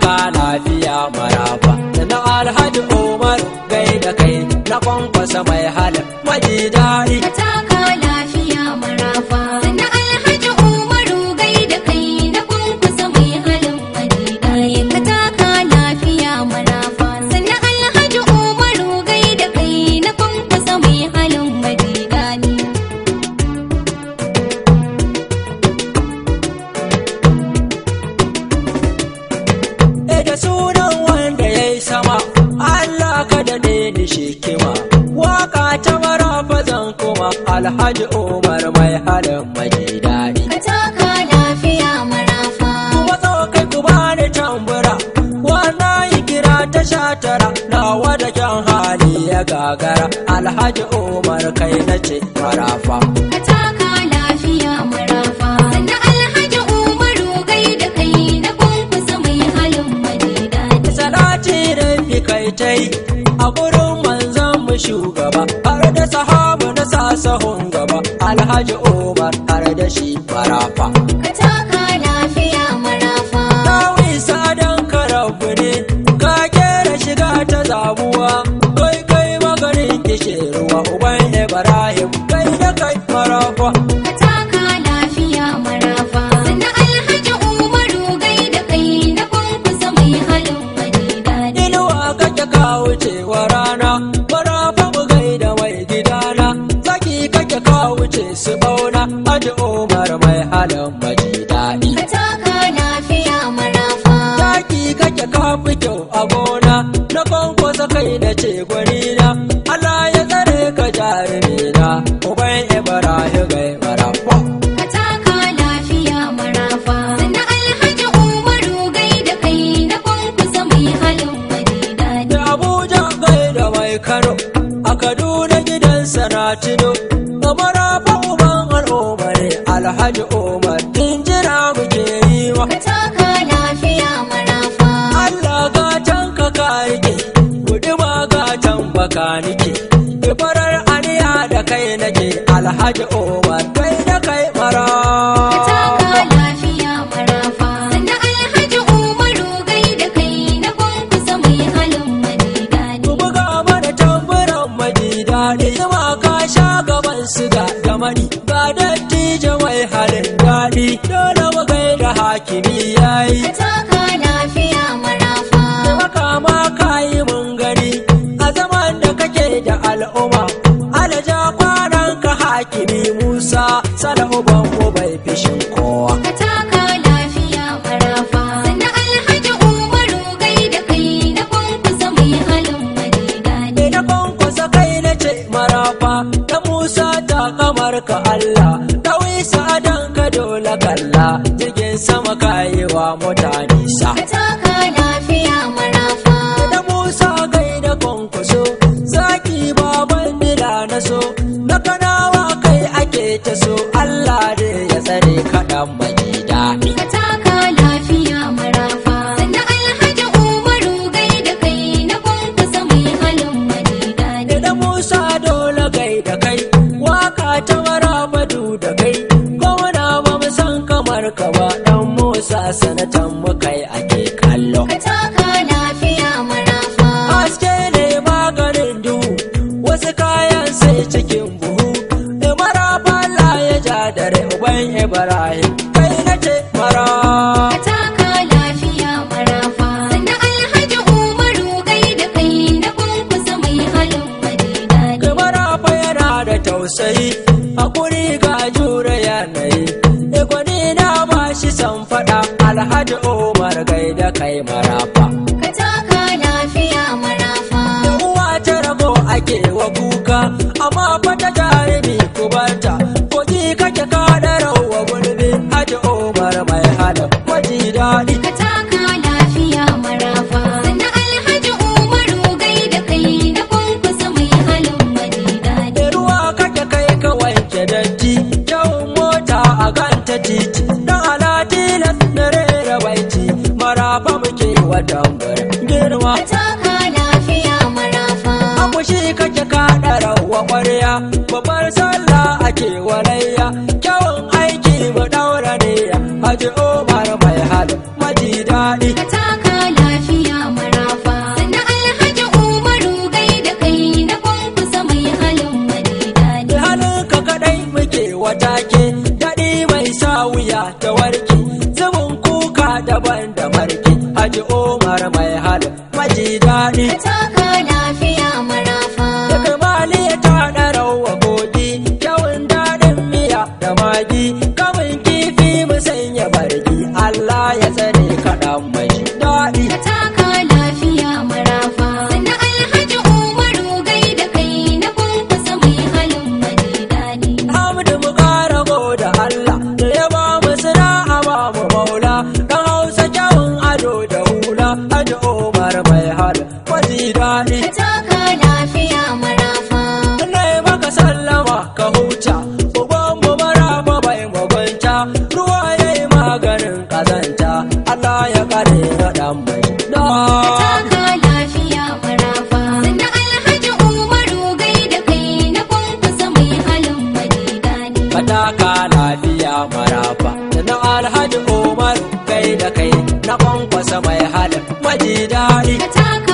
¡Gracias! alhaji umar mai halin maji daɗi ka lafiya marafa kuma tsawo kai ku bani tambura wana yi kira ta sha tara nawa da kyan hali ya gagara alhaji umar kai na ce marafa ka taka lafiya na alhaji umaru da kai na halin a gurin manzon mu shugaba har da sahara. sahun gaba alhaji umar har da shi marafa har mai halin daɗi. Ka taka lafiya marafa. Taki kake kafi kyau a gona, na kwankwasa kai da ce gwani na, Allah ya tsare ka jarumi na, uban Ibrahim gai marafa. Ka taka lafiya marafa. Na Alhaji Umaru gai da kai na kwankwasa mai halin daɗi. Da Abuja gai da mai Kano, a Kaduna gidan Sanatino. alhaji umar in jira muke yi wa taka lafiya marafa allah gatan ka karike guduma gatan baka nike farar aniya da kai nake alhaji umar kai da kai jikini yayi taka lafiya marafa maka ma kayi mun a zaman da kake da al'umma alaja kwanan ka hakimi musa salahu ban bai fishin kowa kamar ka Allah, ta wisa adon ka dole kalla, sama kayewa mota nisa. Ka taka lafiya marafa. Da Musa gai da kwankwaso, zaki baban dila na so, na kanawa kai ake ta so, Allah da ya tsare kaɗan ma'ida. Kayan sai cikin buhu imara bala ya ja da uban ibrahim kai na ce mara tausayi hakuri ga jure yanayi igwani na ba shi san fada alhaji umar gaida kai marafa Alhaji oh, Umar mai hal maji daɗi. Ka taka lafiya marafa. Na Alhaji Umaru gai da kai na kwankusa mai halin maji daɗi. Hannun ka kaɗai muke watake daɗi mai sa wuya ta warki. Zubin kuka daban da marki. Haji Umar mai hal maji daɗi. taka faɗa mai Taka Alhaji Umaru gai da kai na kwankwasa mai halin madigani. Fataka lafiya farafa. Alhaji Umaru gai na mai halin